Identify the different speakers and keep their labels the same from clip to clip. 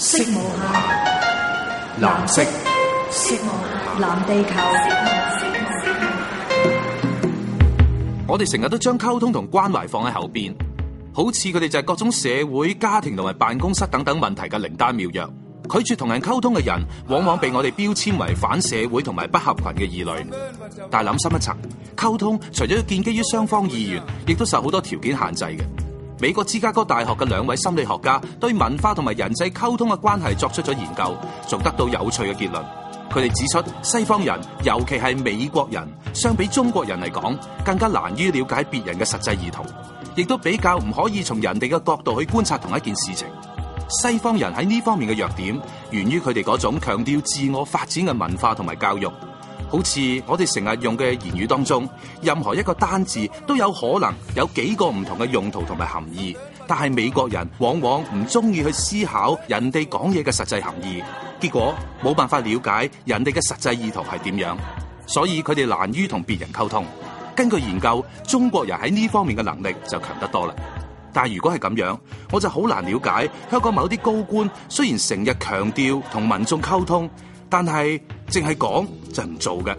Speaker 1: 色無暇，藍色。藍色無暇，藍地球。地球我哋成日都將溝通同關懷放喺口邊，好似佢哋就係各種社會、家庭同埋辦公室等等問題嘅靈丹妙藥。拒絕同人溝通嘅人，往往被我哋標籤為反社會同埋不合群嘅異類。但係諗深一層，溝通除咗要建基於雙方意願，亦都受好多條件限制嘅。美國芝加哥大學嘅兩位心理學家對文化同埋人際溝通嘅關係作出咗研究，仲得到有趣嘅結論。佢哋指出，西方人，尤其係美國人，相比中國人嚟講，更加難於了解別人嘅實際意圖，亦都比較唔可以從人哋嘅角度去觀察同一件事情。西方人喺呢方面嘅弱點，源於佢哋嗰種強調自我發展嘅文化同埋教育。好似我哋成日用嘅言語當中，任何一個單字都有可能有幾個唔同嘅用途同埋含義。但係美國人往往唔中意去思考人哋講嘢嘅實際含義，結果冇辦法了解人哋嘅實際意圖係點樣，所以佢哋難於同別人溝通。根據研究，中國人喺呢方面嘅能力就強得多啦。但係如果係咁樣，我就好難了解香港某啲高官雖然成日強調同民眾溝通。但係淨係講就唔做嘅，的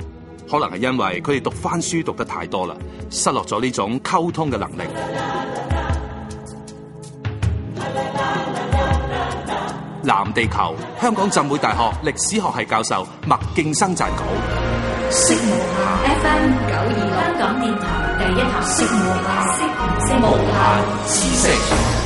Speaker 1: 可能係因為佢哋讀翻書讀得太多啦，失落咗呢種溝通嘅能力。藍地球，香港浸會大學歷史學系教授麥勁生撰稿。FM 九二六香港電台第一台。